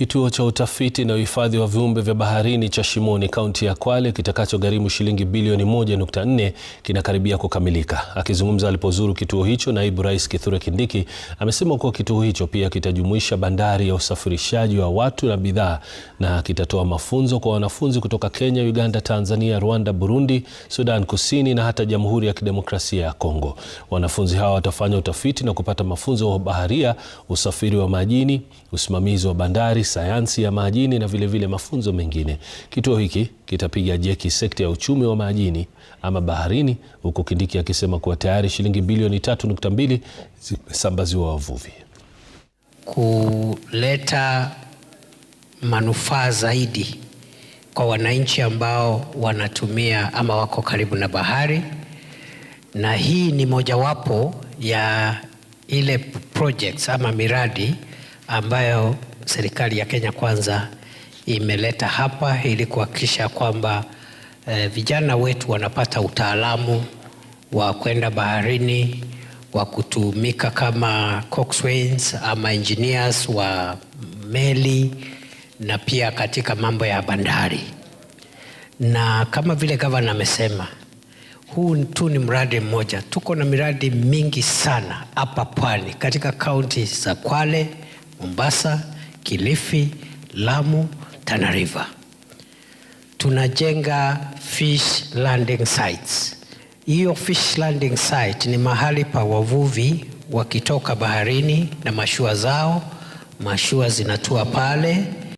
Kituo cha utafiti na uhifadhi wa viumbe vya baharini cha Shimoni kaunti ya Kwale kitakachogharimu shilingi bilioni 1.4 kinakaribia kukamilika. Akizungumza alipozuru kituo hicho, naibu rais Kithure Kindiki amesema kuwa kituo hicho pia kitajumuisha bandari ya usafirishaji wa watu na bidhaa na kitatoa mafunzo kwa wanafunzi kutoka Kenya, Uganda, Tanzania, Rwanda, Burundi, Sudan Kusini na hata Jamhuri ya Kidemokrasia ya Kongo. Wanafunzi hawa watafanya utafiti na kupata mafunzo wa baharia, usafiri wa majini, usimamizi wa bandari sayansi ya majini na vilevile vile mafunzo mengine. Kituo hiki kitapiga jeki sekta ya uchumi wa majini ama baharini, huku Kindiki akisema kuwa tayari shilingi bilioni 3.2 zimesambaziwa wavuvi kuleta manufaa zaidi kwa wananchi ambao wanatumia ama wako karibu na bahari, na hii ni mojawapo ya ile projects ama miradi ambayo serikali ya Kenya Kwanza imeleta hapa ili kuhakikisha kwamba e, vijana wetu wanapata utaalamu wa kwenda baharini wa kutumika kama coxswains ama engineers wa meli na pia katika mambo ya bandari. Na kama vile gavana amesema, huu tu ni mradi mmoja. Tuko na miradi mingi sana hapa pwani katika kaunti za Kwale, Mombasa Kilifi, Lamu, Tana River. Tunajenga fish landing sites. Hiyo fish landing site ni mahali pa wavuvi wakitoka baharini na mashua zao, mashua zinatua pale